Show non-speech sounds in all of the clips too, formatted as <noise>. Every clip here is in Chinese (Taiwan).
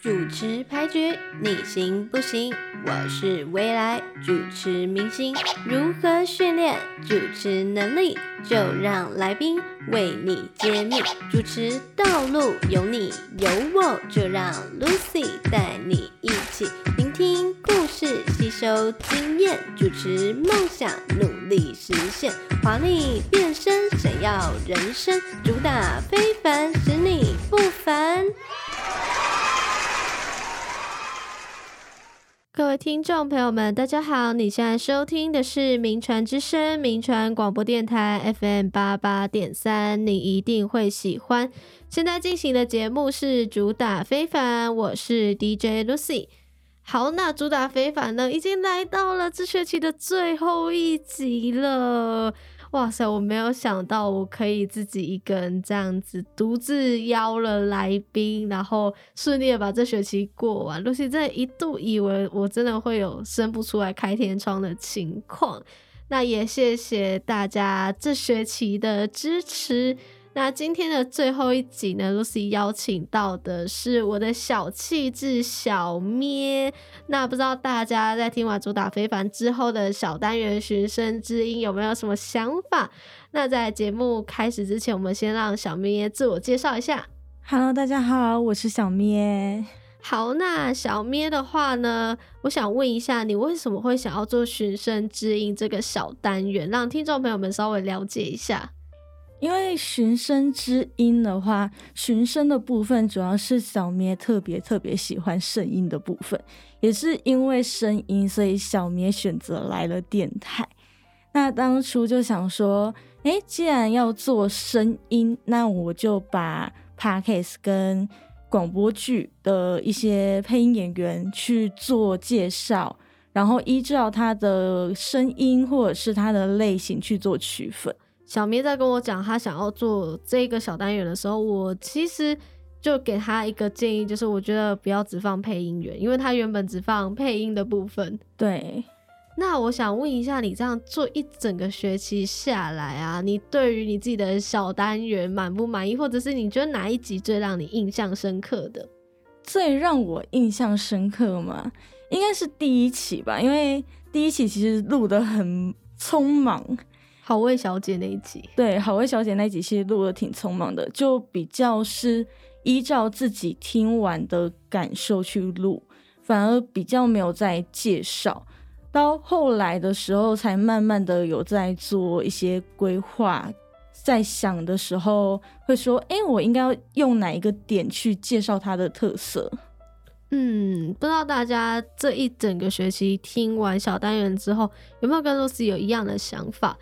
主持排局，你行不行？我是未來主持明星，如何訓練主持能力？就讓來賓為你揭秘。主持道路有你有我，就讓 Lucy 帶你一起聆聽故事，吸收經驗。主持夢想努力實現，華麗變身閃耀人生，主打非凡，使你不凡。各位聽眾朋友們，大家好！你現在收聽的是名傳《名傳之聲》名傳廣播電臺 FM 八八點三，你一定會喜歡。現在進行的節目是主打非凡，我是 DJ Lucy。好，那主打非凡呢，已經來到了這學期的最後一集了。哇塞！我沒有想到我可以自己一個人這樣子獨自邀了來賓，然後順利的把這學期過完。露西，真的一度以為我真的會有生不出來開天窗的情況。那也謝謝大家這學期的支持。那今天的最後一集呢，Lucy 邀請到的是我的小企製小咩。那不知道大家在聽完主打非凡之後的小單元尋聲知音有沒有什麼想法？那在節目開始之前，我們先讓小咩自我介紹一下。Hello，大家好，我是小咩。好，那小咩的話呢，我想問一下，你為什麼會想要做尋聲知音這個小單元，讓聽眾朋友們稍微了解一下？因為尋聲之音的話，尋聲的部分主要是小咩特別特別喜歡聲音的部分，也是因為聲音，所以小咩選擇來了電台。那當初就想說，誒，既然要做聲音，那我就把 Podcast 跟廣播劇的一些配音演員去做介紹，然後依照他的聲音或者是他的類型去做區分。小明在跟我講他想要做這個小單元的時候，我其實就給他一個建議，就是我覺得不要只放配音員，因為他原本只放配音的部分。對，那我想問一下，你這樣做一整個學期下來啊，你對於你自己的小單元滿不滿意，或者是你覺得哪一集最讓你印象深刻的？最讓我印象深刻嗎？應該是第一期吧，因為第一期其實錄得很匆忙。好味小姐那一集，對，好味小姐那一集其實錄的挺匆忙的，就比較是依照自己聽完的感受去錄，反而比較沒有在介紹。到後來的時候，才慢慢的有在做一些規劃，在想的時候會說，哎、欸，我應該用哪一個點去介紹它的特色。嗯，不知道大家這一整個學期聽完小單元之後，有沒有跟露 u 有一樣的想法？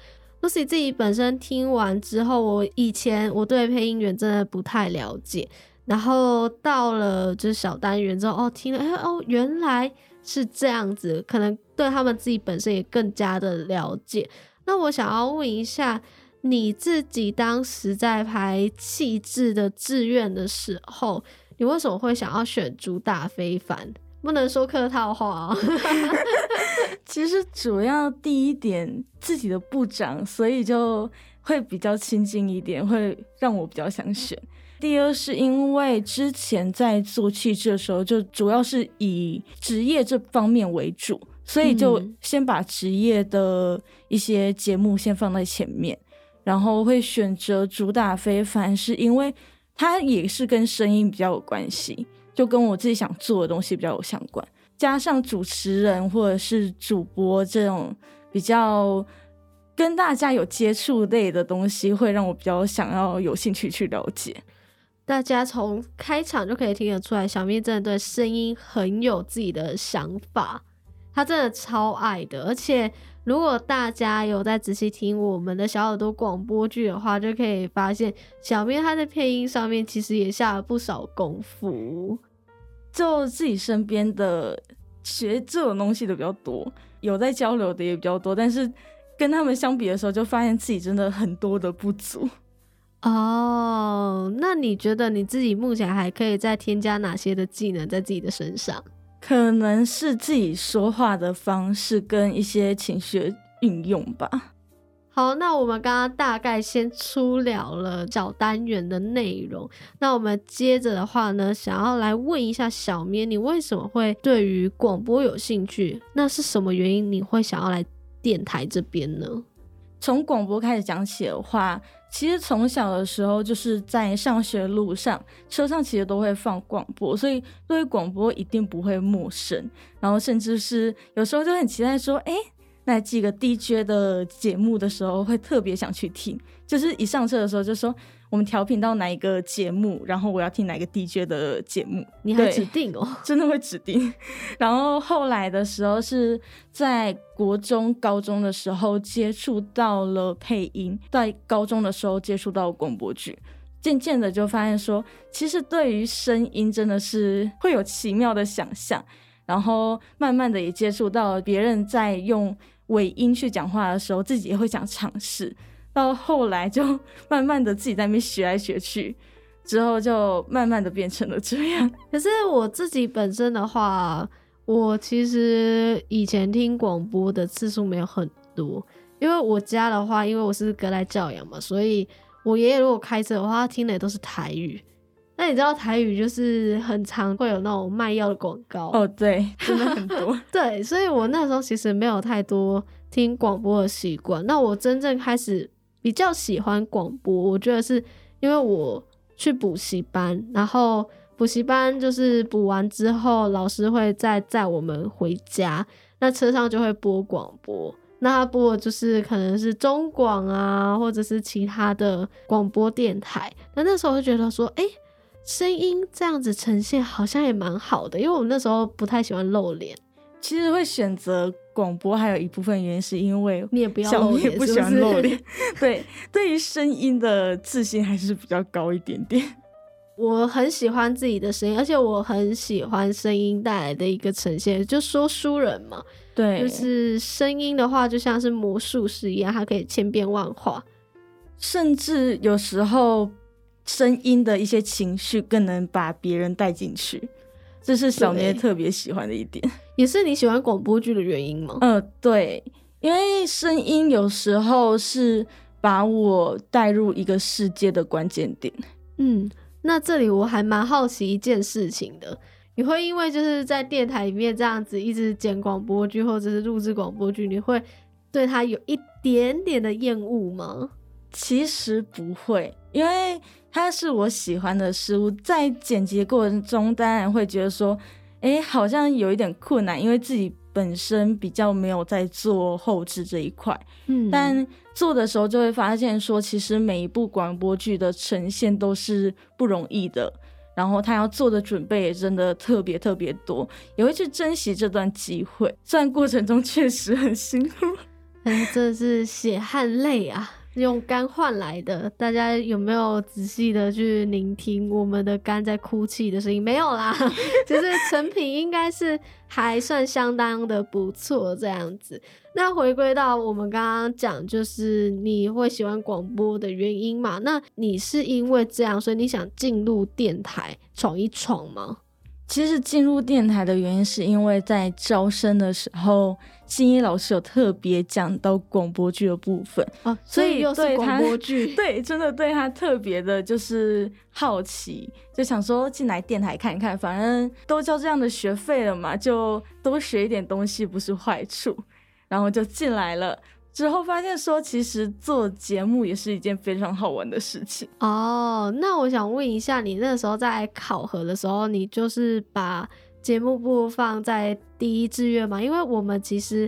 Lucy 自己本身聽完之後，我以前我對配音員真的不太了解，然後到了就是小單元之後，哦聽了，哎哦原來是這樣子，可能對他們自己本身也更加的了解。那我想要問一下，你自己當時在排《企製的志願》的時候，你為什麼會想要選主打非凡？不能說客套話。其實主要第一點，自己的部長，所以就會比較親近一點，會讓我比較想選。第二是因為之前在做企製的時候，就主要是以職業這方面為主，所以就先把職業的一些節目先放在前面，嗯、然後會選擇主打非凡，是因為它也是跟聲音比較有關係。就跟我自己想做的東西比較有相關，加上主持人或者是主播這種比較跟大家有接觸類的東西，會讓我比較想要有興趣去了解。大家從開場就可以聽得出來，小咩真的對聲音很有自己的想法，他真的超愛的。而且，如果大家有在仔細聽我們的小耳朵廣播劇的話，就可以發現小咩他在配音上面其實也下了不少功夫。就自己身邊的學這種東西的比較多，有在交流的也比較多，但是跟他們相比的時候，就發現自己真的很多的不足。哦，oh, 那你覺得你自己目前還可以再添加哪些的技能在自己的身上？可能是自己說話的方式跟一些情緒的運用吧。好，那我們剛剛大概先粗聊了小單元的內容。那我們接着的話呢，想要來問一下小咩，你為什麼會對於廣播有興趣？那是什麼原因？你會想要來電台這邊呢？從廣播開始講起的話，其實從小的時候就是在上學路上車上，其實都會放廣播，所以對廣播一定不會陌生。然後甚至是有時候就很期待說，誒、欸……那幾個 DJ 的節目的時候，會特別想去聽，就是一上車的時候就說我們調頻到哪一個節目，然後我要聽哪一個 DJ 的節目。你還指定哦？真的會指定。 <laughs> 然後後來的時候是在國中、高中的時候接觸到了配音，在高中的時候接觸到廣播劇，漸漸的就發現說，其實對於聲音真的是會有奇妙的想象，然後慢慢的也接觸到別人在用。尾音去講話的時候，自己也會想嘗試。到後來就慢慢的自己在那邊學來學去，之後就慢慢的變成了這樣。可是我自己本身的話，我其實以前聽廣播的次數沒有很多，因為我家的話，因為我是隔代教養嘛，所以我爺爺如果開車的話，他聽的也都是台語。那你知道台語就是很常會有那種賣藥的廣告哦，oh, 對，真的很多。 <laughs> 對，所以我那時候其實沒有太多聽廣播的習慣。那我真正開始比較喜歡廣播，我覺得是因為我去補習班，然後補習班就是補完之後，老師會再載我們回家，那車上就會播廣播。那播的就是可能是中廣啊，或者是其他的廣播電台。那那時候我就覺得說，誒、欸。聲音這樣子呈現好像也蠻好的，因為我們那時候不太喜歡露臉。其實會選擇廣播還有一部分原因是因為你也不要，我也不喜歡露臉。露臉，是不是？對，對於聲音的自信還是比較高一點點。 <laughs> 我很喜歡自己的聲音，而且我很喜歡聲音帶來的一個呈現，就說書人嘛，對，就是聲音的話就像是魔術師一樣，它可以千變萬化，甚至有時候。聲音的一些情緒更能把別人帶進去，這是小咩特別喜歡的一點，也是你喜歡廣播劇的原因嗎？嗯、呃，對，因為聲音有時候是把我帶入一個世界的關鍵點。嗯，那這裡我還蠻好奇一件事情的，你會因為就是在電台裡面這樣子一直剪廣播劇，或者是錄制廣播劇，你會對他有一點點的厭惡嗎？其實不會，因為。它是我喜歡的事物，在剪輯過程中，當然會覺得說，哎、欸，好像有一點困難，因為自己本身比較沒有在做後製這一塊。嗯，但做的時候就會發現說，其實每一部廣播劇的呈現都是不容易的，然後他要做的準備也真的特別特別多，也會去珍惜這段機會。雖然過程中確實很辛苦，但是真是血汗淚啊。用肝換來的，大家有沒有仔細的去聆聽我們的肝在哭泣的聲音？沒有啦，就是成品應該是還算相當的不錯這樣子。那回歸到我們剛剛講，就是你會喜歡廣播的原因嘛？那你是因為這樣，所以你想進入電台闖一闖嗎？其實進入電台的原因，是因為在招生的時候，靜怡老師有特別講到廣播劇的部分，啊，所以又是廣播劇，對，他 <laughs> 對，真的對他特別的，就是好奇，就想說進來電台看一看，反正都交這樣的學費了嘛，就多學一點東西不是壞處，然後就進來了。之後發現說，其實做節目也是一件非常好玩的事情哦。Oh, 那我想問一下，你那時候在考核的時候，你就是把節目部放在第一志願嗎？因為我們其實，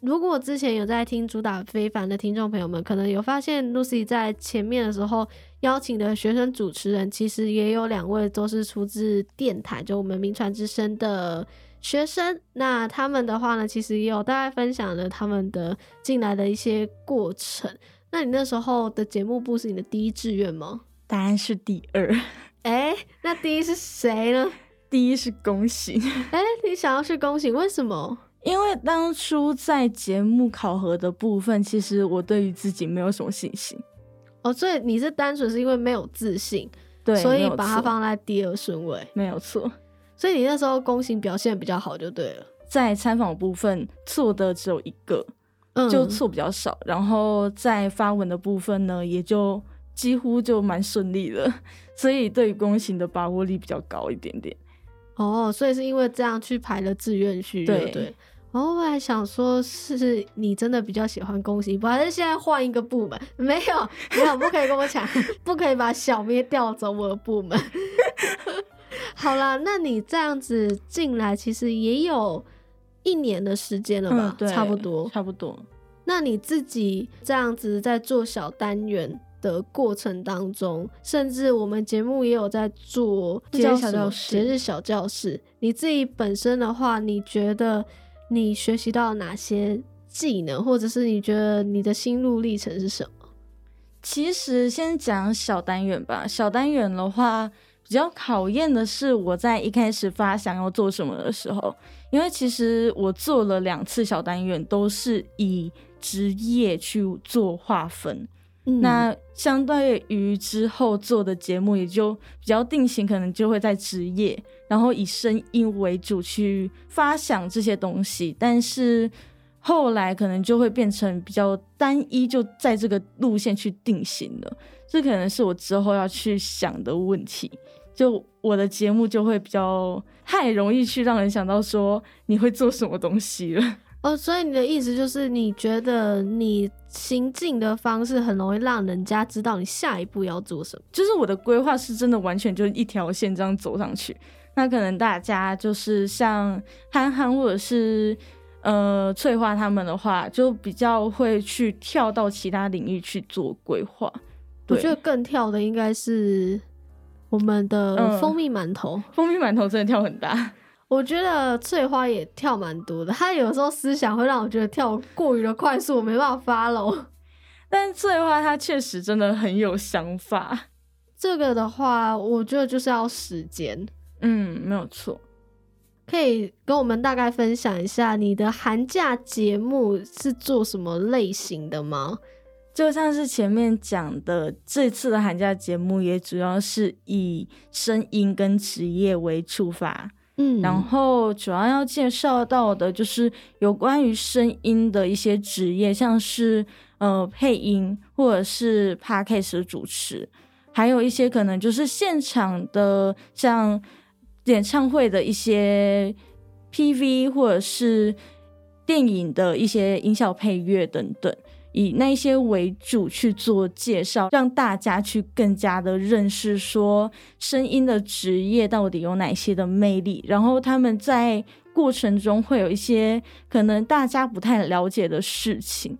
如果之前有在聽主打非凡的聽眾朋友們，可能有發現 Lucy 在前面的時候邀請的學生主持人，其實也有兩位都是出自電臺，就我們名傳之聲的。學生，那他們的話呢？其實也有大概分享了他們的進來的一些過程。那你那時候的節目部是你的第一志願嗎？答案是第二。哎、欸，那第一是誰呢？第一是恭喜。哎、欸，你想要去恭喜，為什麼？因為當初在節目考核的部分，其實我對於自己沒有什麼信心。哦，所以你是單純是因為沒有自信，對，所以把它放在第二順位。沒有錯。所以你那時候公行表現比較好就對了，在參訪部分錯的只有一個，嗯、就錯比較少。然後在發文的部分呢，也就幾乎就蠻順利的，所以對於公行的把握力比較高一點點。哦，所以是因為這樣去排了志願序，對對。然後、哦、我還想說，是你真的比較喜歡公行，反正現在換一個部門？沒有，沒有，不可以跟我搶， <laughs> 不可以把小咩調走我的部門。 <laughs> <laughs> 好啦，那你這樣子進來，其實也有一年的時間了吧？嗯、對，差不多，差不多。那你自己這樣子在做小單元的過程當中，甚至我們節目也有在做節日小教室。節日小教室，你自己本身的話，你覺得你學習到哪些技能，或者是你覺得你的心路歷程是什麼？其實先講小單元吧，小單元的話。比較考驗的是我在一開始發想要做什麼的時候，因為其實我做了兩次小單元，都是以職業去做劃分。嗯。那相對於之後做的節目，也就比較定型，可能就會在職業，然後以聲音為主去發想這些東西。但是後來可能就會變成比較單一，就在這個路線去定型了。這可能是我之後要去想的問題。就我的節目就會比較太容易去讓人想到說你會做什麼東西了哦。所以你的意思就是你覺得你行進的方式很容易讓人家知道你下一步要做什麼？就是我的規劃是真的完全就是一條線這樣走上去。那可能大家就是像憨憨或者是呃翠花他們的話，就比較會去跳到其他領域去做規劃。我覺得更跳的應該是，我們的蜂蜜饅頭。嗯，蜂蜜饅頭真的跳很大。我覺得翠花也跳蠻多的，她有時候思想會讓我覺得跳過於的快速，我沒辦法 follow。但翠花她確實真的很有想法。這個的話，我覺得就是要時間。嗯，沒有錯。可以跟我們大概分享一下你的寒假節目是做什麼類型的嗎？就像是前面講的，這次的寒假節目也主要是以聲音跟職業為出發，嗯，然後主要要介紹到的就是有關於聲音的一些職業，像是呃配音或者是 podcast 主持，還有一些可能就是現場的像演唱會的一些 PV，或者是電影的一些音效配樂等等。以那些為主去做介紹，讓大家去更加的認識，說聲音的職業到底有哪些的魅力，然後他們在過程中會有一些可能大家不太了解的事情。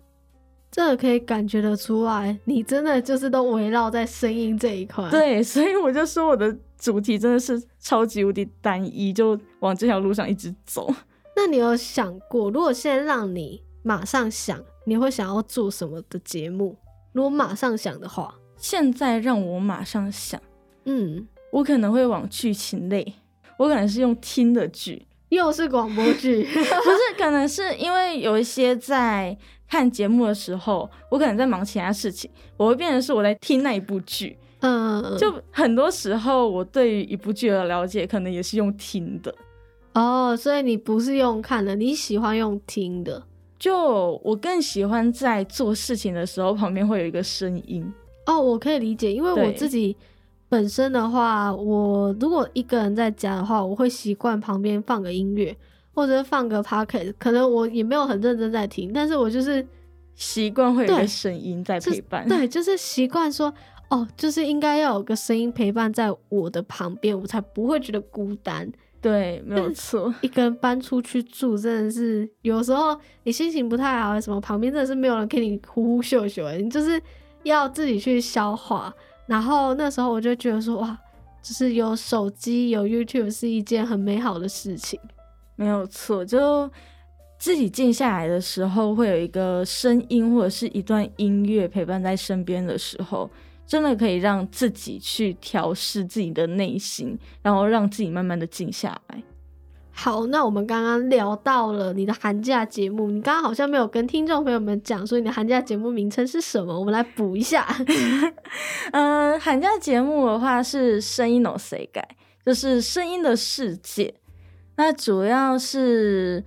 這可以感覺得出來，你真的就是都圍繞在聲音這一塊。對，所以我就說我的主題真的是超級無敵單一，就往這條路上一直走。那你有想過，如果現在讓你馬上想？你會想要做什麼的節目？如果馬上想的話，現在讓我馬上想，嗯，我可能會往劇情類，我可能是用聽的劇，又是廣播劇， <laughs> 不是，可能是因為有一些在看節目的時候，我可能在忙其他事情，我會變成是我在聽那一部劇，嗯，就很多時候我對於一部劇的了解，可能也是用聽的，哦，oh, 所以你不是用看的，你喜歡用聽的。就我更喜歡在做事情的時候，旁邊會有一個聲音。哦，我可以理解，因為我自己本身的話，對我如果一個人在家的話，我會習慣旁邊放個音樂，或者是放個 podcast，可能我也沒有很認真在聽，但是我就是習慣會有個聲音在陪伴，對。對，就是習慣說，哦，就是應該要有個聲音陪伴在我的旁邊，我才不會覺得孤單。對，沒有錯。一個人搬出去住真的是，有時候你心情不太好，什麼旁邊真的是沒有人給你呼呼秀秀，你就是要自己去消化。然後那時候我就覺得說，哇，就是有手機有 YouTube 是一件很美好的事情。沒有錯，就自己靜下來的時候，會有一個聲音或者是一段音樂陪伴在身邊的時候。真的可以讓自己去調適自己的內心，然後讓自己慢慢的靜下來。好，那我們剛剛聊到了你的寒假節目，你剛剛好像沒有跟聽眾朋友們講說你的寒假節目名稱是什麼？我們來補一下。 <laughs> 嗯，寒假節目的話是《聲音的世界》，就是聲音的世界。那主要是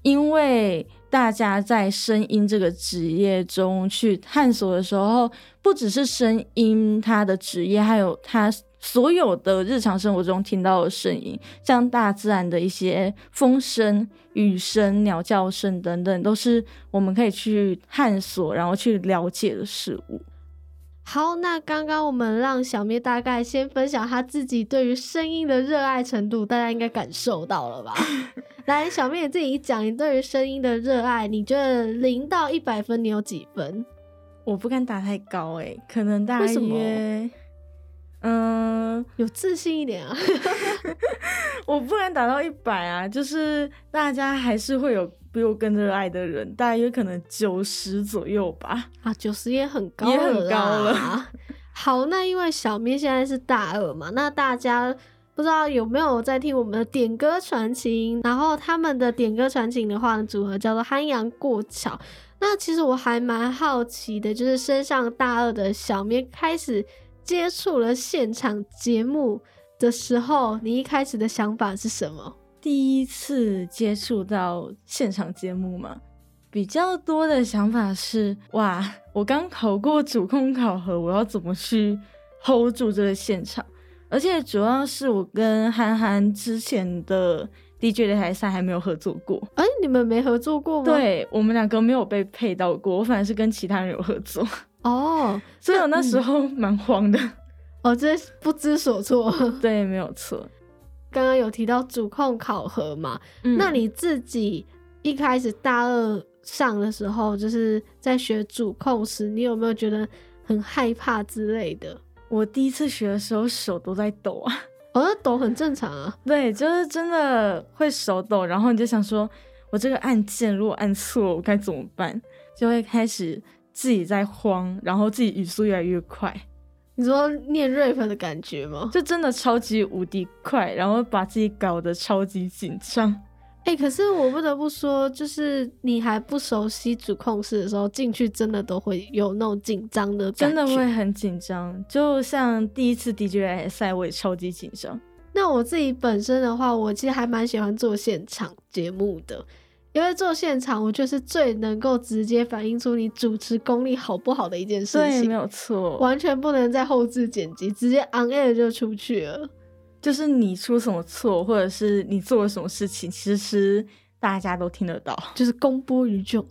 因為大家在聲音這個職業中去探索的時候，不只是聲音，他的職業，還有他所有的日常生活中聽到的聲音，像大自然的一些風聲、雨聲、鳥叫聲等等，都是我們可以去探索，然後去了解的事物。好，那剛剛我們讓小咩大概先分享他自己對於聲音的熱愛程度，大家應該感受到了吧？ <laughs> 來，小咩你自己一講你對於聲音的熱愛，你覺得零到一百分你有幾分？我不敢打太高，哎、欸，可能大約，為什麼？嗯，呃、有自信一點啊。 <laughs> 我不敢打到一百啊，就是大家還是會有比我更熱愛的人，大約可能九十左右吧。啊，九十也很高，也很高了。好，那因為小咩現在是大二嘛，那大家不知道有沒有在聽我們的點歌傳情？然後他們的點歌傳情的話呢，組合叫做《憨陽過橋》。那其實我還蠻好奇的，就是升上大二的小咩開始接觸了現場節目的時候，你一開始的想法是什麼？第一次接觸到現場節目嘛，比較多的想法是哇，我剛考過主控考核，我要怎麼去 hold 住這個現場？而且主要是我跟憨憨之前的。D J 擂台賽還沒有合作過，哎、欸，你們沒合作過嗎？對，我們兩個沒有被配到過，我反而是跟其他人有合作哦，所以我那時候蠻慌的、嗯，哦，這是不知所措， <laughs> 對，沒有錯。剛剛有提到主控考核嘛，嗯、那你自己一開始大二上的時候，就是在學主控時，你有沒有覺得很害怕之類的？我第一次學的時候手都在抖啊。呃，哦、那抖很正常啊。對，就是真的會手抖，然後你就想說，我這個按鍵如果按錯，我該怎麼辦？就會開始自己在慌，然後自己語速越來越快。你知道念 rap 的感覺嗎？就真的超級無敵快，然後把自己搞得超級緊張。哎、欸，可是我不得不說，就是你還不熟悉主控室的時候，進去真的都會有那種緊張的感覺，真的會很緊張。就像第一次 DJS 賽，我也超級緊張。那我自己本身的話，我其實還蠻喜歡做現場節目的，因為做現場，我就是最能夠直接反映出你主持功力好不好的一件事情。也沒有錯，完全不能在後製剪輯，直接 on air 就出去了。就是你出什麼錯，或者是你做了什麼事情，其實大家都聽得到，就是公布於眾。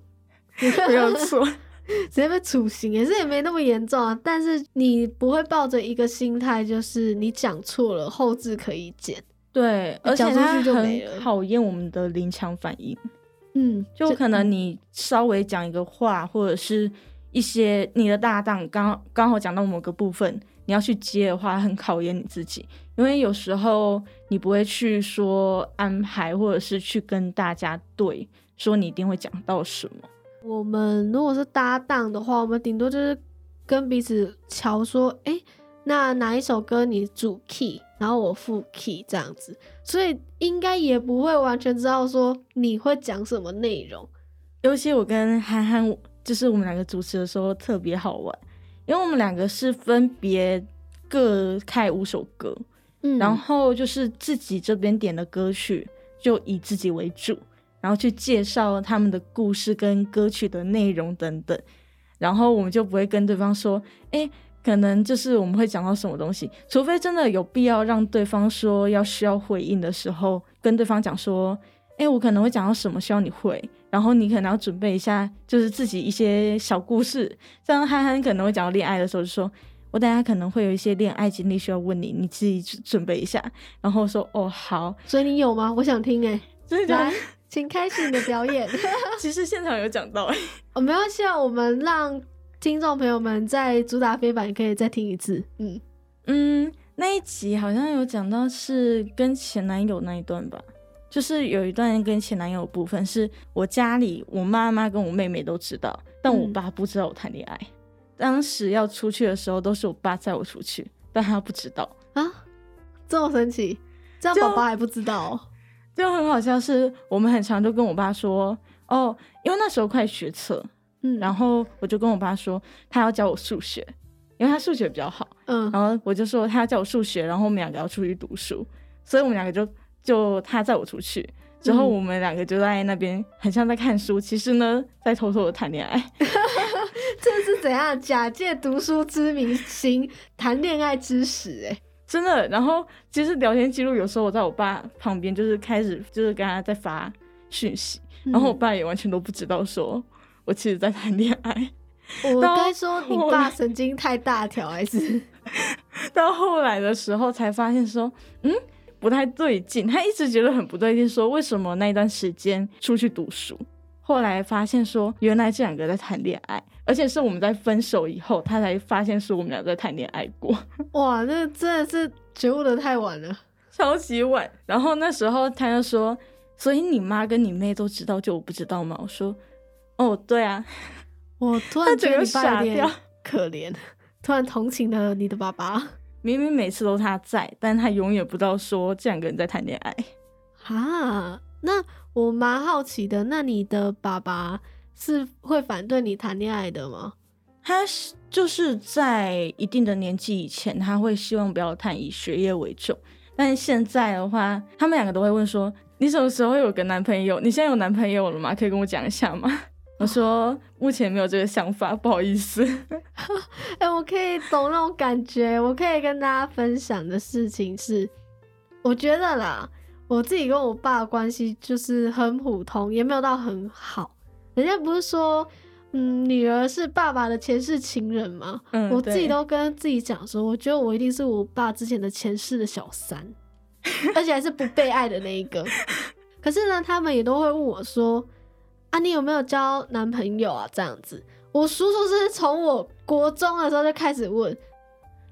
不要說直接被處刑也是也沒那麼嚴重啊，但是你不會抱着一個心態，就是你講錯了後製，可以剪。對，而且他很考驗我們的臨場反應。嗯，就，就可能你稍微講一個話，或者是一些你的搭檔剛剛好講到某個部分，你要去接的話，很考驗你自己。因為有時候你不會去說安排，或者是去跟大家對說你一定會講到什麼。我們如果是搭檔的話，我們頂多就是跟彼此喬說：“哎、欸，那哪一首歌你主 key，然後我副 key 這樣子。”所以應該也不會完全知道說你會講什麼內容。尤其我跟憨憨，就是我們兩個主持的時候特別好玩，因為我們兩個是分別各開五首歌。然後就是自己這邊點的歌曲，就以自己為主，嗯、然後去介紹他們的故事跟歌曲的內容等等。然後我們就不會跟對方說，哎，可能就是我們會講到什麼東西，除非真的有必要讓對方說要需要回應的時候，跟對方講說，哎，我可能會講到什麼，需要你會，然後你可能要準備一下，就是自己一些小故事。像憨憨可能會講到戀愛的時候，就說。我等下可能會有一些戀愛經歷需要問你，你自己準備一下，然後說哦好。所以你有嗎？我想聽哎、欸，所以來，請開始你的表演。 <laughs> <laughs> 其實現場有講到哎、欸，哦沒關係啊。希望我們讓聽眾朋友們在主打非凡可以再聽一次。嗯嗯，那一集好像有講到是跟前男友那一段吧，就是有一段跟前男友的部分是我家裡我媽媽跟我妹妹都知道，但我爸不知道我談戀愛。嗯當時要出去的時候，都是我爸載我出去，但他不知道啊，這麼神奇，這樣爸爸就還不知道、喔，就很好笑。是，我們很常就跟我爸說，哦，因為那時候快學車，嗯，然後我就跟我爸說，他要教我數學，因為他數學比較好，嗯，然後我就說他要教我數學，然後我們兩個要出去讀書，所以我們兩個就就他載我出去，之後我們兩個就在那邊、嗯、很像在看書，其實呢，在偷偷的談戀愛。 <laughs> <laughs> 這是怎樣，假借讀書之名行談戀愛之實？欸，真的。然後其實聊天記錄有時候我在我爸旁邊，就是開始就是跟他在發訊息，嗯、哼然後我爸也完全都不知道，說我其實在談戀愛。我該說你爸神經太大條，還是 <laughs> 到後來的時候才發現說，嗯，不太對勁。他一直覺得很不對勁，說為什麼那一段時間出去讀書？後來發現說，原來這兩個在談戀愛。而且是我們在分手以後，他才發現是我們倆在談戀愛過。哇，那真的是覺悟得太晚了，超級晚。然後那時候他就說：“所以你媽跟你妹都知道，就我不知道嗎？”我說：“哦，對啊。”我突然覺得傻掉，可憐，突然同情了你的爸爸。明明每次都他在，但他永遠不知道說這兩個人在談戀愛。啊？那我蠻好奇的，那你的爸爸？是會反對你談戀愛的嗎？他就是在一定的年紀以前，他會希望不要太以學業為重。但是現在的話，他們兩個都會問說：“你什麼時候有個男朋友？你現在有男朋友了嗎？可以跟我講一下嗎？”哦、我說：“目前沒有這個想法，不好意思。”哎、 <laughs> 欸，我可以懂那種感覺。我可以跟大家分享的事情是，我覺得啦，我自己跟我爸的關係就是很普通，也沒有到很好。人家不是說，嗯，女兒是爸爸的前世情人嗎？嗯、我自己都跟自己講說，對我覺得我一定是我爸之前的前世的小三， <laughs> 而且還是不被愛的那一個。可是呢，他們也都會問我說：“啊，你有沒有交男朋友啊？”這樣子，我叔叔是從我國中的時候就開始問，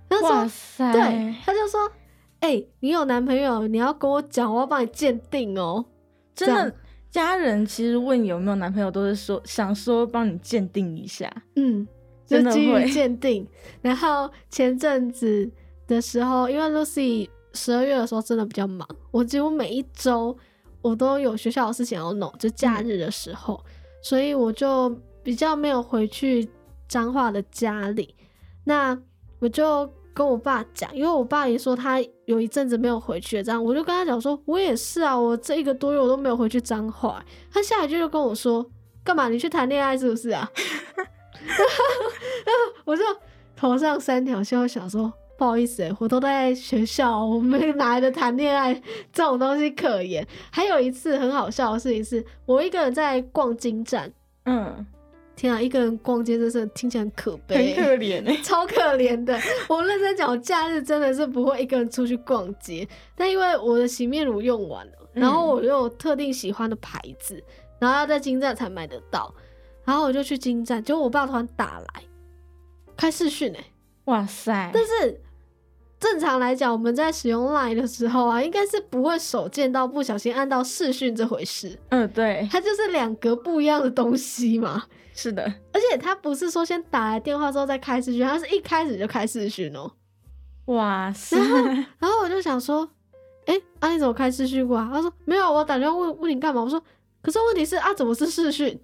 那種塞對，他就說：“哎、欸，你有男朋友？你要跟我講，我要幫你鑑定哦、喔。”真的。家人其實問有沒有男朋友，都是說想說幫你鑑定一下，嗯，就基於鑑定。 <laughs> 然後前陣子的時候，因為 Lucy 十二月的時候真的比較忙，我幾乎每一周我都有學校的事情要弄，就假日的時候，嗯。所以我就比較沒有回去彰化的家裡。那我就跟我爸講，因為我爸也說他。有一陣子沒有回去。這樣我就跟他講說，我也是啊，我這一個多月我都沒有回去彰化欸。他下一句就跟我說，幹嘛你去談戀愛是不是啊？ <laughs> <laughs> 然後我就頭上三條線，我想說不好意思、欸、我都在學校，我沒哪來的談戀愛這種東西可言。還有一次很好笑的事情是一次，我一個人在逛金站，嗯。天啊，一個人逛街真是聽起來很可悲，很可憐、欸、超可憐的。我認真講，假日真的是不會一個人出去逛街。 <laughs> 但因為我的洗面乳用完了，嗯、然後我又有特定喜歡的牌子，然後要在京站才買得到，然後我就去京站，結果我爸突然打來開視訊哎、欸，哇塞！但是正常來講，我們在使用 LINE 的時候啊，應該是不會手賤到不小心按到視訊這回事。嗯，對，它就是兩個不一樣的東西嘛。是的，而且他不是說先打來電話之後再開視訊，他是一開始就開視訊哦。哇塞！然後我就想說，哎，啊你怎麼開視訊過啊？他說沒有，我打電話問問你幹嘛？我說，可是問題是啊，怎麼是視訊？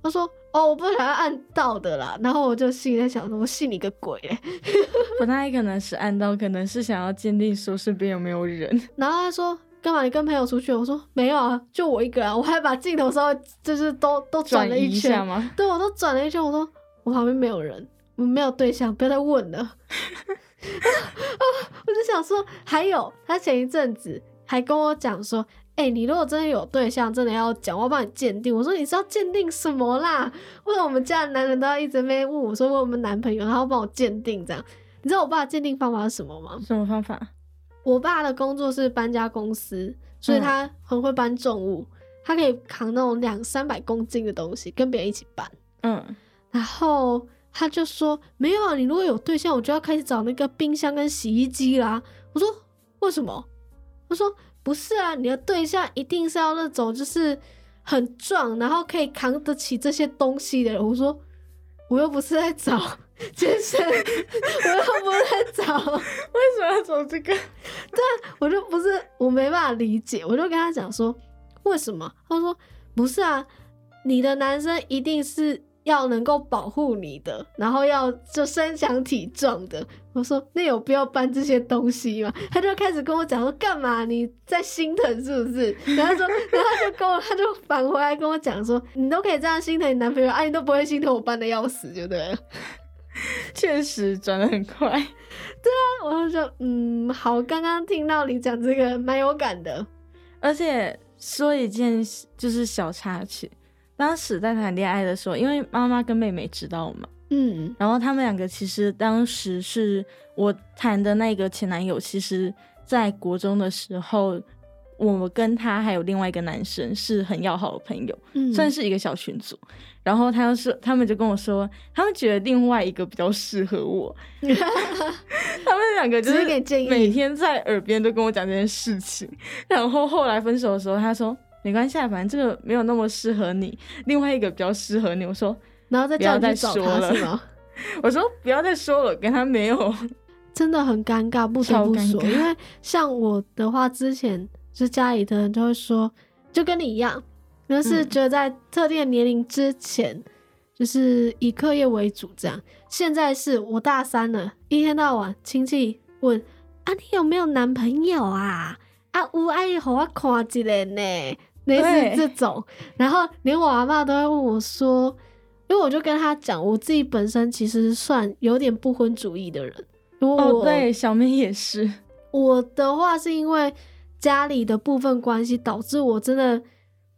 他說，哦，我不想要按道的啦。然後我就心裡在想說，我信你個鬼欸！ <laughs> 不太可能是按道，可能是想要鑑定說身邊有沒有人。然後他說。幹嘛？你跟朋友出去？我說沒有啊，就我一個啊。我還把鏡頭稍微就是都都轉了一圈。對，我都轉了一圈。我說我旁邊沒有人，我沒有對象，不要再問了。 <laughs> 啊啊、我就想說，還有他前一陣子還跟我講說，哎、欸，你如果真的有對象，真的要講，我幫你鑑定。我說你是要鑑定什麼啦？為什麼我們家的男人都要一直在問，我說問我們男朋友，然後幫我鑑定這樣。你知道我爸的鑑定方法是什麼嗎？什麼方法？我爸的工作是搬家公司，所以他很會搬重物，嗯、他可以扛那種兩三百公斤的東西，跟別人一起搬。嗯，然後他就說：“沒有啊，你如果有對象，我就要開始找那個冰箱跟洗衣機啦。”我說：“為什麼？”我說：“不是啊，你的對象一定是要那種就是很壯，然後可以扛得起這些東西的。”我說：“我又不是在找。”健身我又不在找， <laughs> 為什麼要走這個？但我就不是，我沒辦法理解。我就跟他講說，為什麼？他說不是啊，你的男生一定是要能夠保護你的，然後要就身強體壯的。我說那有必要搬這些東西嗎？他就開始跟我講說，幹嘛？你在心疼是不是？然後他說，然後他就跟我，他就反過來跟我講說，你都可以這樣心疼你男朋友啊，你都不會心疼我搬得要死，就對了。確實轉的很快，對啊，我就說，嗯，好，剛剛聽到你講這個蠻有感的，而且說一件就是小插曲，當時在談戀愛的時候，因為媽媽跟妹妹知道嘛，嗯，然後他們兩個其實當時是我談的那個前男友，其實在國中的時候。我跟他還有另外一個男生是很要好的朋友，嗯、算是一個小群組。然後他又是，他們就跟我說，他們覺得另外一個比較適合我。 <laughs> <laughs> 他們兩個就是每天在耳邊都跟我講這件事情。然後後來分手的時候，他說沒關係，反正這個沒有那麼適合你，另外一個比較適合你。我說，不要再說了。我說不要再說了，跟他沒有，真的很尷尬，不談不說。因為像我的話，之前。是家裡的人就會說，就跟你一樣，就是覺得在特定的年齡之前，嗯、就是以課業為主這樣。現在是我大三了，一天到晚親戚問啊，你有沒有男朋友啊？啊，有阿姨好我看一個呢，類似這種。對然後連我阿爸都會問我說，因為我就跟他講，我自己本身其實算有點不婚主義的人。哦，對，小咩也是，我的話是因為。家裡的部分關係導致我真的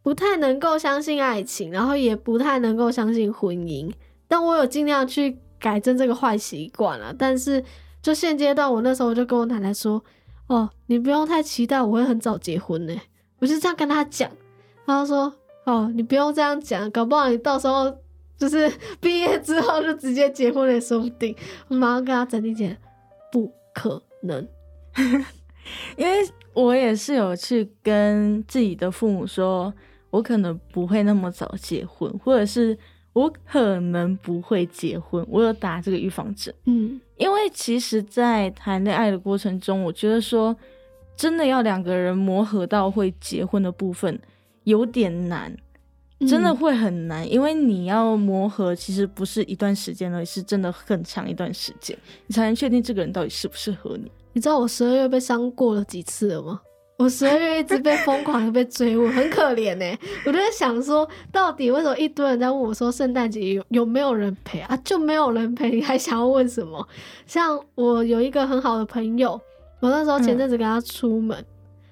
不太能夠相信愛情，然後也不太能夠相信婚姻。但我有盡量去改正這個壞習慣了。但是就現階段，我那時候我就跟我奶奶說：“哦，你不用太期待，我會很早結婚呢。”我就這樣跟她講。她說：“哦，你不用這樣講，搞不好你到時候就是畢業之後就直接結婚也說不定。”我馬上跟她整理起來，不可能。 <laughs> ”因為我也是有去跟自己的父母說，我可能不會那麼早結婚，或者是我可能不會結婚，我有打這個預防針。嗯，因為其實，在談戀愛的過程中，我覺得說真的要兩個人磨合到會結婚的部分有點難，真的會很難，嗯，因為你要磨合其實不是一段時間而已，是真的很長一段時間，你才能確定這個人到底適不適合你。你知道我十二月被傷過了幾次了嗎？我十二月一直被瘋狂的 <laughs> 被追，我很可憐誒、欸、我就在想說，到底為什麼一堆人在問我說，聖誕節有有沒有人陪啊，啊？就沒有人陪，你還想要問什麼？像我有一個很好的朋友，我那時候前陣子跟他出門，嗯、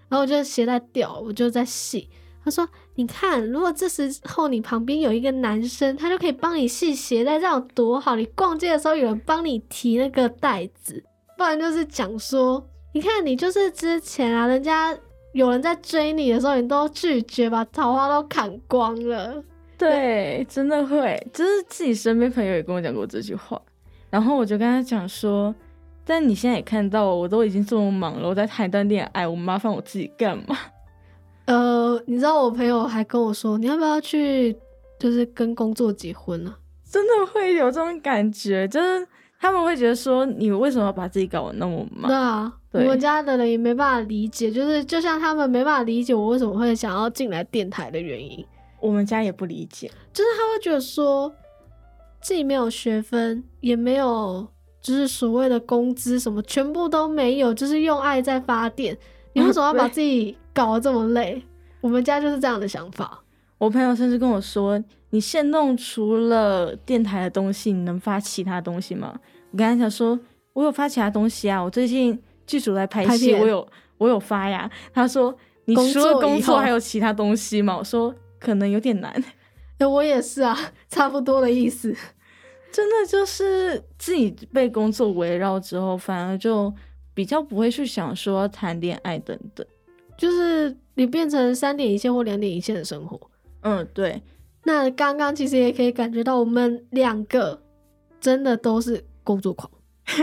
然後我就鞋帶掉了，我就在繫。他說：“你看，如果這時候你旁邊有一個男生，他就可以幫你繫鞋帶，這樣多好。你逛街的時候有人幫你提那個袋子。”不然就是講說，你看你就是之前啊，人家有人在追你的時候，你都拒絕，把桃花都砍光了。對， <laughs> 真的會，就是自己身邊朋友也跟我講過這句話。然後我就跟他講說，但你現在也看到，我都已經這麼忙了，我在談一段戀愛，我麻煩我自己幹嘛？呃，你知道我朋友還跟我說，你要不要去，就是跟工作結婚呢？啊？真的會有這種感覺，就是。他們會覺得說，你為什麼要把自己搞得那麼忙？對啊，對我們家的人也沒辦法理解，就是就像他們沒辦法理解我為什麼會想要進來電台的原因。我們家也不理解，就是他會覺得說自己沒有學分，也沒有就是所謂的工資什麼，全部都沒有，就是用愛在發電。你為什麼要把自己搞得這麼累？啊對，我們家就是這樣的想法。我朋友甚至跟我說。你現弄除了電台的東西，你能發其他東西嗎？我跟他說，我有發其他東西啊。我最近劇組來拍戲，我有片我有發呀。他說，你除了工作還有其他東西嗎？我說可能有點難。哎，我也是啊，差不多的意思。真的就是自己被工作圍繞之後，反而就比較不會去想說談戀愛等等，就是你變成三點一線或兩點一線的生活。嗯，對。那剛剛其實也可以感覺到，我們兩個真的都是工作狂， <laughs>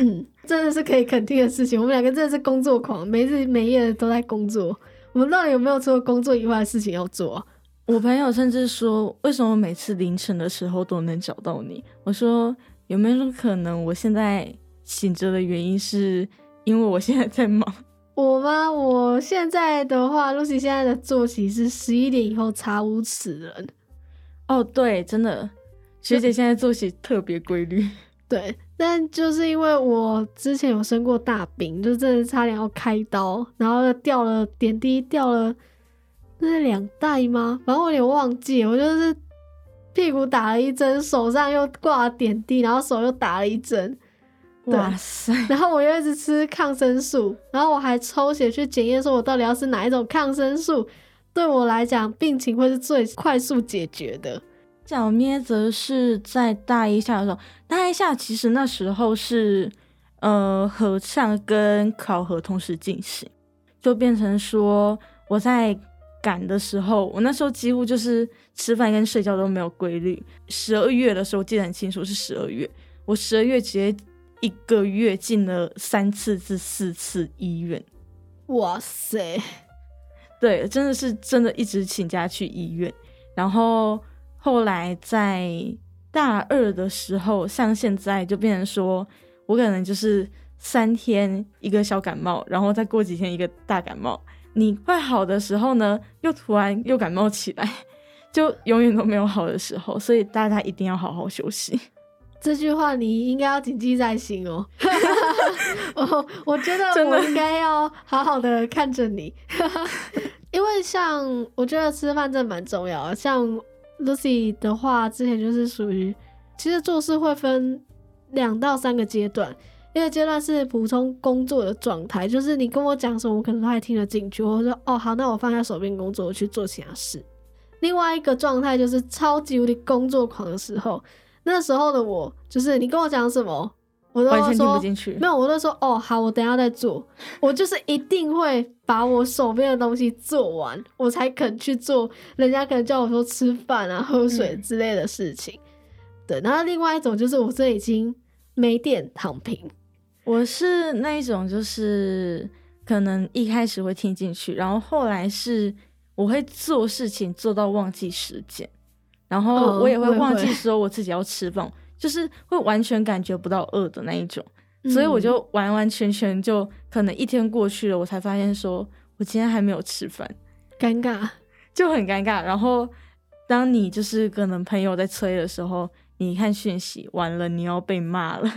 嗯，真的是可以肯定的事情。我們兩個真的是工作狂，每日每夜都在工作。我們到底有沒有除了工作以外的事情要做啊？我朋友甚至說，為什麼每次凌晨的時候都能找到你？我說，有沒有可能我現在醒着的原因是因為我現在在忙？我嗎？我現在的話，露西現在的作息是十一點以後查無此人。哦，對，真的，學姐現在作息特別規律對對，但就是因為我之前有生過大病，就真的差點要開刀，然後掉了點滴，掉了。那是兩袋嗎？反正我有點忘記，我就是屁股打了一針，手上又掛了點滴，然後手又打了一針。對哇塞！然後我又一直吃抗生素，然後我還抽血去檢驗，說我到底要吃哪一種抗生素，對我來講病情會是最快速解決的。小咩則是在大一下的時候，大一下其實那時候是呃合唱跟考核同時進行，就變成說我在趕的時候，我那時候幾乎就是吃飯跟睡覺都沒有規律。十二月的時候我記得很清楚，是十二月，我十二月直接。一個月進了三次至四次醫院，哇塞！對，真的是真的，一直請假去醫院。然後後來在大二的時候，像現在就變成說我可能就是三天一個小感冒，然後再過幾天一個大感冒。你快好的時候呢，又突然又感冒起來，就永遠都沒有好的時候。所以大家一定要好好休息。這句話你應該要謹記在心哦。 <laughs> 我我覺得我應該要好好的看着你， <laughs> 因為像我覺得吃飯真的蠻重要的。像 Lucy 的話，之前就是屬於其實做事會分兩到三個階段，一個階段是普通工作的狀態，就是你跟我講什麼，我可能都還聽得進去，我說哦，好，那我放下手邊工作我去做其他事。另外一個狀態就是超級無敵工作狂的時候。那時候的我，就是你跟我講什麼，我都說我聽不進去。沒有，我都說哦，好，我等一下再做。我就是一定會把我手邊的東西做完，我才肯去做。人家可能叫我說吃飯啊、喝水之類的事情。嗯、對，然後另外一種就是我這已經沒電躺平。我是那一種，就是可能一開始會聽進去，然後後來是我會做事情做到忘記時間。然後我也會忘記說我自己要吃飯，嗯、就是會完全感覺不到餓的那一種，嗯、所以我就完完全全就可能一天過去了，我才發現說我今天還沒有吃飯，尷尬，就很尷尬。然後當你就是可能朋友在催的時候，你看訊息，完了你要被罵了。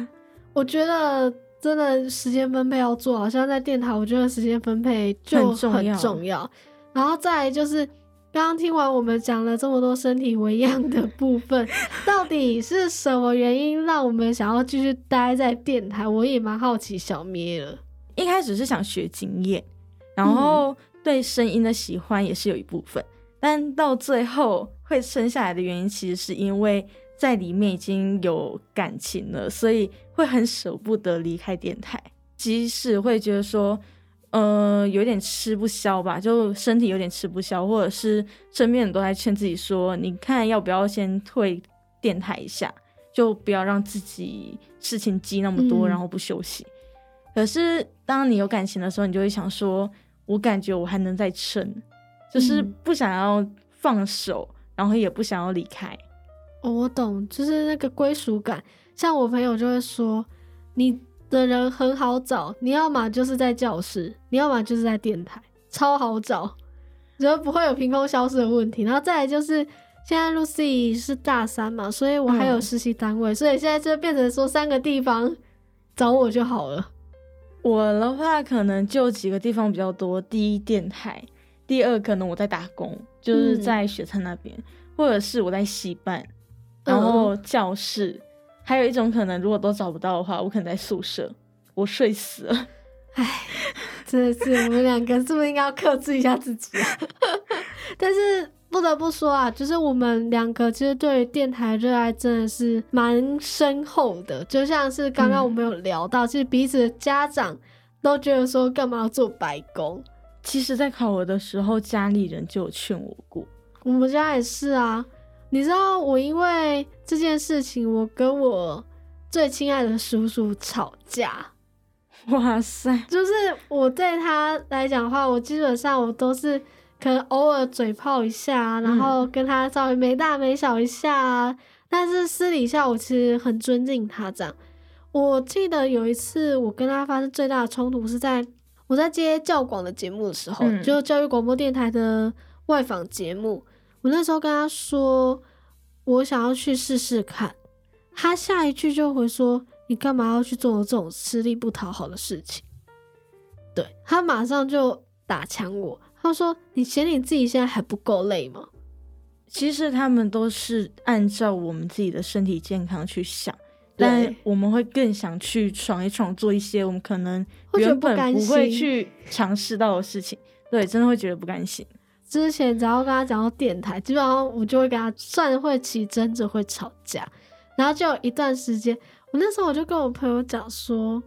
我覺得真的時間分配要做好，像在電台，我覺得時間分配就很重要。重要。然後再來就是。剛剛聽完我們講了這麼多身體不一樣的部分， <laughs> 到底是什麼原因讓我們想要繼續待在電台？我也蠻好奇小咩了。一開始是想學經驗，然後對聲音的喜歡也是有一部分，嗯、但到最後會剩下來的原因，其實是因為在裡面已經有感情了，所以會很捨不得離開電台，即使會覺得說。嗯、呃，有點吃不消吧？就身體有點吃不消，或者是身邊人都在勸自己說：“你看，要不要先退電台一下，就不要讓自己事情積那麼多，然後不休息。嗯”可是當你有感情的時候，你就會想說：“我感覺我還能再撐，就是不想要放手，然後也不想要離開。”哦，我懂，就是那個歸屬感。像我朋友就會說：“你。”的人很好找，你要麼就是在教室，你要麼就是在電台，超好找，然後不會有憑空消失的問題。然後再來就是，現在 Lucy 是大三嘛，所以我還有實習單位，嗯、所以現在就變成說三個地方找我就好了。我的話可能就幾個地方比較多，第一，電台，第二可能我在打工，就是在雪菜那邊，嗯、或者是我在系辦，然後教室。嗯還有一種可能，如果都找不到的話，我可能在宿舍，我睡死了。唉，真的是，我們兩個是不是應該要克制一下自己、啊？ <laughs> 但是不得不說啊，就是我們兩個其實對於電台熱愛真的是蠻深厚的，就像是剛剛我們有聊到，嗯、其實彼此的家長都覺得說幹嘛要做白工。其實，在考我的時候，家裡人就有勸我過，我們家也是啊。你知道我因為這件事情，我跟我最親愛的叔叔吵架。哇塞，就是我對他來講的話，我基本上我都是可能偶爾嘴炮一下，然後跟他稍微沒大沒小一下啊。嗯、但是私底下我其實很尊敬他這樣。我記得有一次我跟他發生最大的衝突是在我在接教廣的節目的時候，嗯、就教育廣播電台的外訪節目。我那時候跟他說，我想要去試試看，他下一句就會說：“你幹嘛要去做這種吃力不討好的事情？”對，他馬上就打槍我，他說：“你嫌你自己現在還不夠累嗎？”其實他們都是按照我們自己的身體健康去想，但我們會更想去闖一闖，做一些我們可能原本不會去嘗試到的事情。對，真的會覺得不甘心。之前只要跟他講到電台，基本上我就會跟他算會起爭執，會吵架。然後就有一段時間，我那時候我就跟我朋友講說：“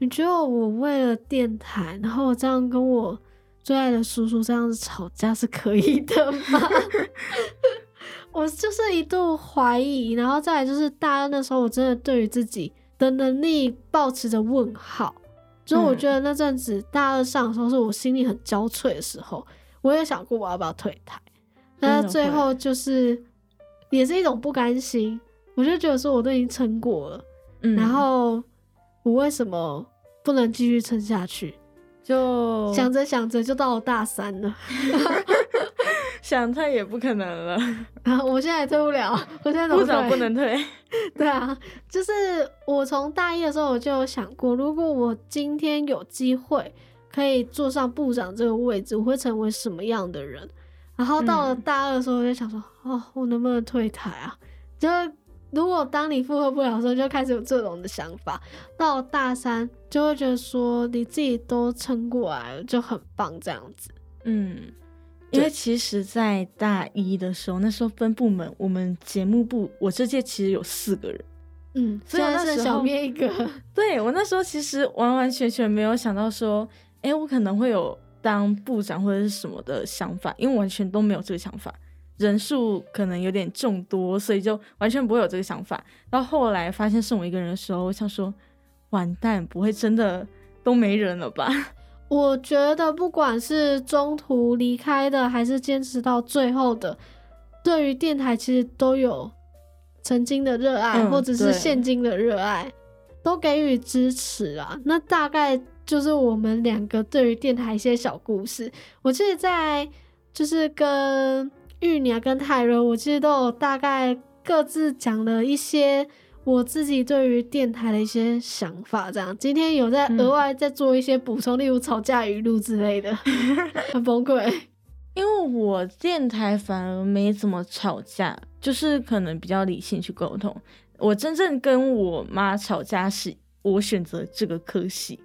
你覺得我為了電台，然後我這樣跟我最愛的叔叔這樣子吵架是可以的嗎？” <laughs> <laughs> 我就是一度懷疑，然後再來就是大二的時候，我真的對於自己的能力抱持着問號。就我覺得那陣子大二上的時候，是我心力很交瘁的時候。我也想過我要不要退台，但最後就是也是一種不甘心。我就覺得說我都已經撐過了，嗯、然後我為什麼不能繼續撐下去？就想着想着就到了大三了， <laughs> <laughs> 想退也不可能了啊！ <laughs> 我現在也退不了，我現在多少不能退。 <laughs> 對啊，就是我從大一的時候我就有想過，如果我今天有機會。可以坐上部長這個位置，我會成為什麼樣的人？然後到了大二的時候，我就想說，嗯、哦，我能不能退台啊？就如果當你負荷不了的時候，就開始有這種的想法。到了大三就會覺得說，你自己都撐過來了，就很棒這樣子。嗯，因為其實，在大一的時候，對那時候分部門，我們節目部，我這屆其實有四個人。嗯，雖然那時候小咩一個。對，我那時候其實完完全全沒有想到說。誒，我可能會有當部長或者是什麼的想法，因為完全都沒有這個想法，人數可能有點眾多，所以就完全不會有這個想法。到後來發現剩我一個人的時候，我想說，完蛋，不會真的都沒人了吧？我覺得不管是中途離開的，還是堅持到最後的，對於電台其實都有曾經的熱愛，嗯、或者是現今的熱愛，對都給予支持啊。那大概。就是我們兩個對於電台一些小故事，我記得在就是跟玉娘跟泰倫，我記得都有大概各自講了一些我自己對於電台的一些想法，這樣。今天有在額外再做一些補充，嗯、例如吵架語錄之類的， <laughs> 很崩潰。因為我電台反而沒怎麼吵架，就是可能比較理性去溝通。我真正跟我媽吵架是，我選擇這個科系。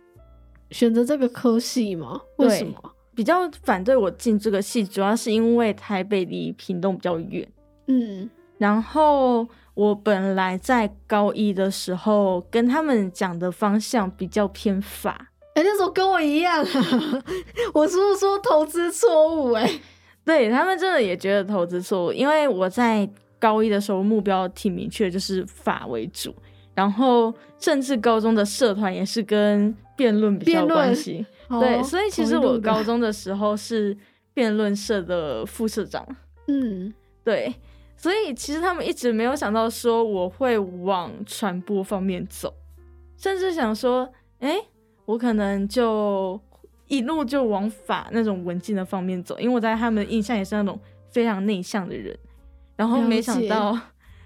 選擇這個科系嗎？對為什麼？比較反對我進這個系？主要是因為台北離屏東比較遠。嗯，然後我本來在高一的時候跟他們講的方向比較偏法。哎，那時候跟我一樣，我叔叔說投資錯誤、欸。哎，對他們真的也覺得投資錯誤，因為我在高一的時候目標挺明確，就是法為主。然後，甚至高中的社團也是跟辯論比較關係，論對，所以其實我高中的時候是辯論社的副社長，嗯，對，所以其實他們一直沒有想到說我會往傳播方面走，甚至想說，哎，我可能就一路就往法那種文靜的方面走，因為我在他們印象也是那種非常內向的人，然後沒想到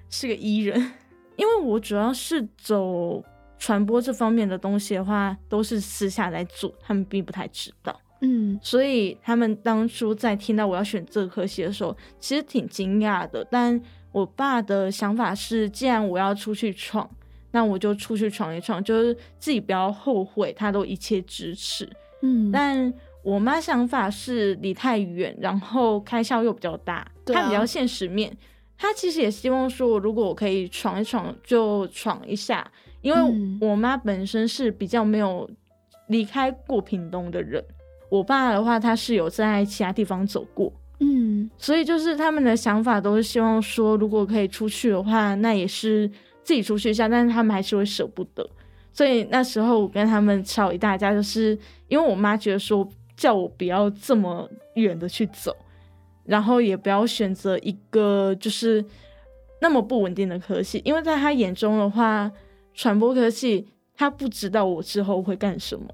是個 E 人。因為我主要是走傳播這方面的東西的話，都是私下來做，他們並不太知道。嗯，所以他們當初在聽到我要選這個科系的時候，其實挺驚訝的。但我爸的想法是，既然我要出去闖，那我就出去闖一闖，就是自己不要後悔，他都一切支持。嗯，但我媽想法是離太遠，然後開銷又比較大，對啊，他比較現實面。他其實也希望說，如果我可以闖一闖，就闖一下。因為我媽本身是比較沒有離開過屏東的人，我爸的話，他是有在其他地方走過。嗯，所以就是他們的想法都是希望說，如果可以出去的話，那也是自己出去一下。但是他們還是會捨不得，所以那時候我跟他們吵一大架，就是因為我媽覺得說，叫我不要這麼遠的去走。然後也不要選擇一個就是那麼不穩定的科系，因為在他眼中的話，傳播科系他不知道我之後會幹什麼，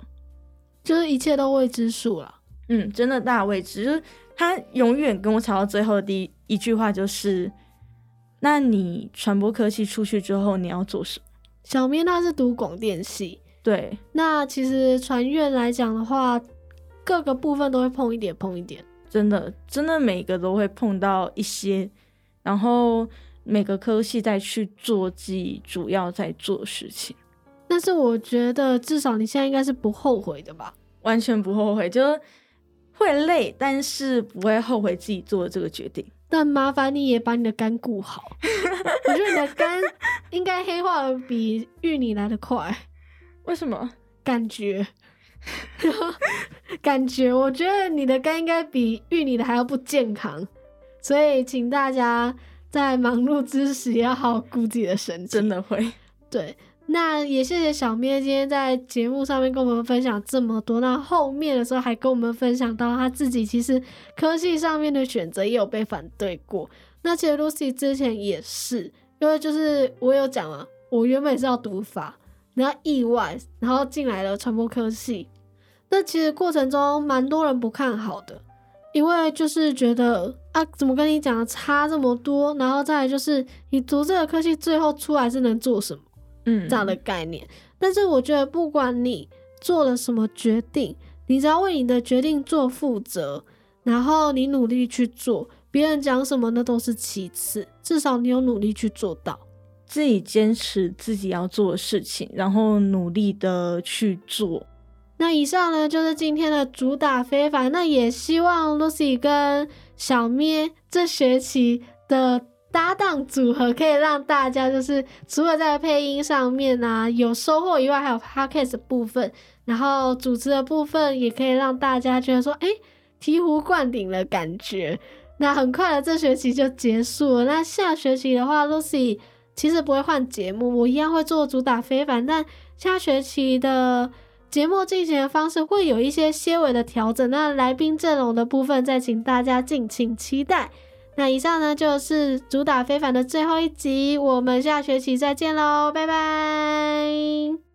就是一切都未知數了、啊。嗯，真的大未知，就是他永遠跟我吵到最後的第一,一句話就是：“那你傳播科系出去之後你要做什麼？”小咩她是讀廣電系，對，那其實傳院來講的話，各個部分都會碰一點，碰一點。真的，真的，每一個都會碰到一些，然後每個科系再去做自己主要在做的事情。但是我覺得至少你現在應該是不後悔的吧？完全不後悔，就是會累，但是不會後悔自己做的這個決定。但麻煩你也把你的肝顧好， <laughs> 我覺得你的肝應該黑化得比芋泥來的快。為什麼？感覺。 <laughs> 感覺我覺得你的肝應該比玉你的還要不健康，所以請大家在忙碌之時要好好顧自己的神。真的會。對，那也謝謝小咩今天在節目上面跟我們分享這麼多。那後面的時候還跟我們分享到他自己其實科系上面的選擇也有被反對過。那其實露西之前也是，因為就是我有講了，我原本是要讀法，然後意外然後進來了傳播科系。這其實過程中蠻多人不看好的，因為就是覺得啊，怎麼跟你講的差這麼多，然後再來就是你讀這個科系，最後出來是能做什麼，嗯，這樣的概念。但是我覺得，不管你做了什麼決定，你只要為你的決定做負責，然後你努力去做，別人講什麼那都是其次，至少你有努力去做到，自己堅持自己要做的事情，然後努力的去做。那以上呢，就是今天的主打非凡。那也希望 Lucy 跟小咩這學期的搭檔組合，可以讓大家就是除了在配音上面啊有收穫以外，還有 Podcast 部分，然後主持的部分也可以讓大家覺得說，哎、欸，醍醐灌頂的感覺。那很快的，這學期就結束了。那下學期的話，Lucy 其實不會換節目，我一樣會做主打非凡，但下學期的。節目進行的方式會有一些些微的調整，那來賓陣容的部分，再請大家敬請期待。那以上呢，就是主打非凡的最後一集，我們下學期再見嘍，拜拜。